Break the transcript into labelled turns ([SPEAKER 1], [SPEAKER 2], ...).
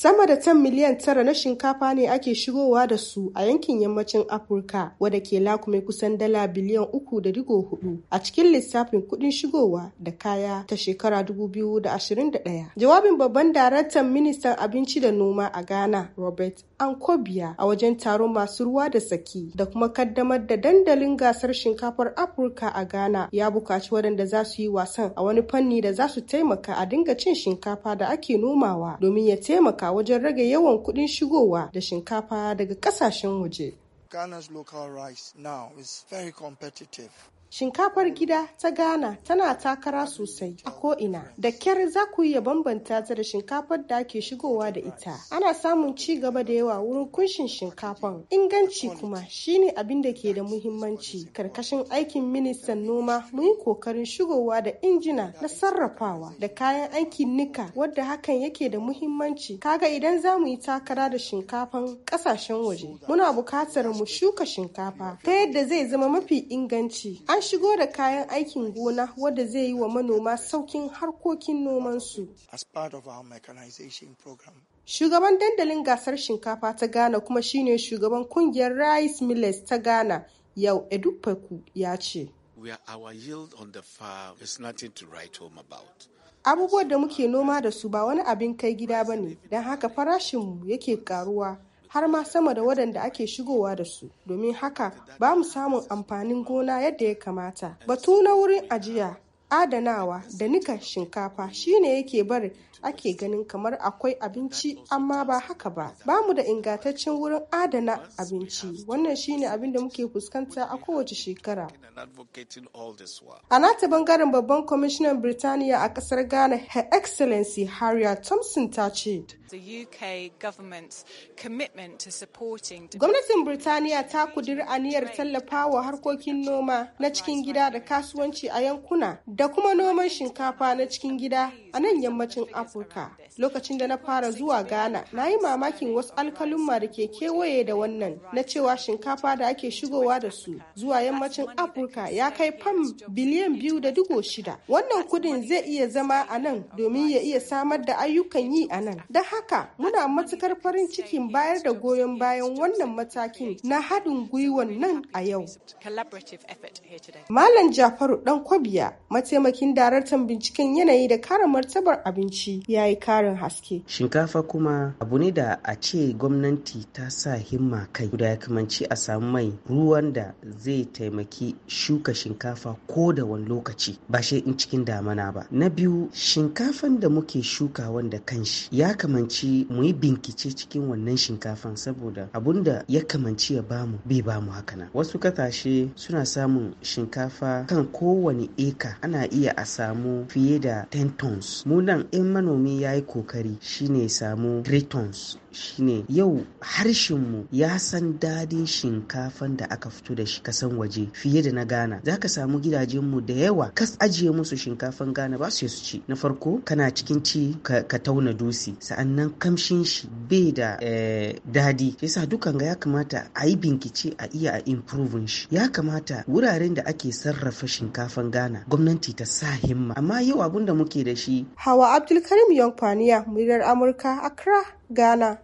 [SPEAKER 1] Sama da 10 miliyan tara na shinkafa ne ake shigowa da su a yankin yammacin Afirka wadda ke lakume kusan dala biliyan uku da digo hudu a cikin lissafin kudin shigowa da kaya ta shekara 2021. Jawabin babban daraktan ministan abinci da noma a Ghana Robert Ankobia a wajen taron masu ruwa da saki da kuma kaddamar da dandalin gasar shinkafar Afirka a Ghana ya bukaci waɗanda za su yi wasan a wani fanni da za su taimaka a dinga cin shinkafa da ake nomawa domin ya taimaka taimaka wajen rage yawan kuɗin shigowa da shinkafa daga ƙasashen waje.
[SPEAKER 2] Ghana's local rice now is very competitive.
[SPEAKER 1] Shinkafar gida ta Ghana tana takara sosai a ko'ina. Da kyar za ku iya bambanta ta da shinkafar da ake shigowa da ita. Ana samun ci gaba da yawa wurin kunshin shinkafan. Inganci kuma shine abin da ke da muhimmanci. Karkashin aikin ministan noma mun yi kokarin shigowa da injina na sarrafawa da kayan aikin nika wadda hakan yake da muhimmanci. Kaga idan za mu yi takara da shinkafan kasashen waje. Muna buƙatar mu shuka shinkafa ta yadda zai zama mafi inganci. An shigo da kayan aikin gona wadda zai yi wa manoma saukin harkokin nomansu. Shugaban dandalin gasar shinkafa ta Ghana kuma shine shugaban kungiyar Rice Millers ta Ghana yau paku ya ce. Abubuwan da muke noma da su ba wani abin kai gida ba ne, don haka farashinmu yake karuwa har ma sama da waɗanda ake shigowa da su domin haka ba mu samun amfanin gona yadda ya kamata batu na wurin ajiya adanawa da nika shinkafa shine yake bari ake ganin kamar akwai abinci amma ba haka ba bamu da ingantaccen wurin adana abinci wannan shine abin da muke fuskanta a kowace shekara a nata bangaren babban kwamishinan birtaniya a kasar ghana her excellency harriet thompson ta ce gwamnatin birtaniya ta kudiri aniyar tallafawa harkokin noma na cikin gida da kasuwanci a yankuna da kuma noman shinkafa na cikin gida a nan yammacin afirka lokacin da na fara zuwa ghana na yi mamakin wasu alkalumma da ke kewaye da wannan na cewa shinkafa da ake shigowa da su zuwa yammacin afirka ya kai fam biliyan biyu da digo shida wannan kudin zai iya zama a nan domin ya iya samar da ayyukan yi a nan don haka muna matukar farin cikin bayar da goyon bayan wannan matakin na haɗin gwiwan nan a yau malam jafaru dan kwabiya mataimakin daraktan binciken yanayi da kare martabar abinci ya yi karin haske.
[SPEAKER 2] Shinkafa kuma abu ne da a ce gwamnati ta sa himma kai da ya kamanci a samu mai ruwan da zai taimaki shuka shinkafa ko da wani lokaci ba shi in cikin damana ba. Na biyu shinkafan da muke shuka wanda kanshi ya kamanci mu yi binkice cikin wannan shinkafan saboda abun da ya kamanci ya bamu bai bamu hakana. Wasu kasashe suna samun shinkafa kan kowane eka ana ana iya a samu fiye da 10 tons Munan in manomi ya yi kokari shine samu 3 tons shine yau harshenmu ya san dadin shinkafan da aka fito da shi kasan waje fiye da na gana Za ka samu gidajenmu da yawa kas ajiye musu shinkafan gana ba su su ci. Na farko kana cikin ci ka, tauna dusi sa'annan kamshin shi bai da eh, dadi. Yasa dukan ga ya kamata a yi binkice a iya a improve shi. Ya kamata wuraren da ake sarrafa shinkafan gana gwamnati ta sa himma amma yau abun da muke da shi.
[SPEAKER 1] Hawa Abdulkarim Yankwaniya muryar Amurka Accra Ghana.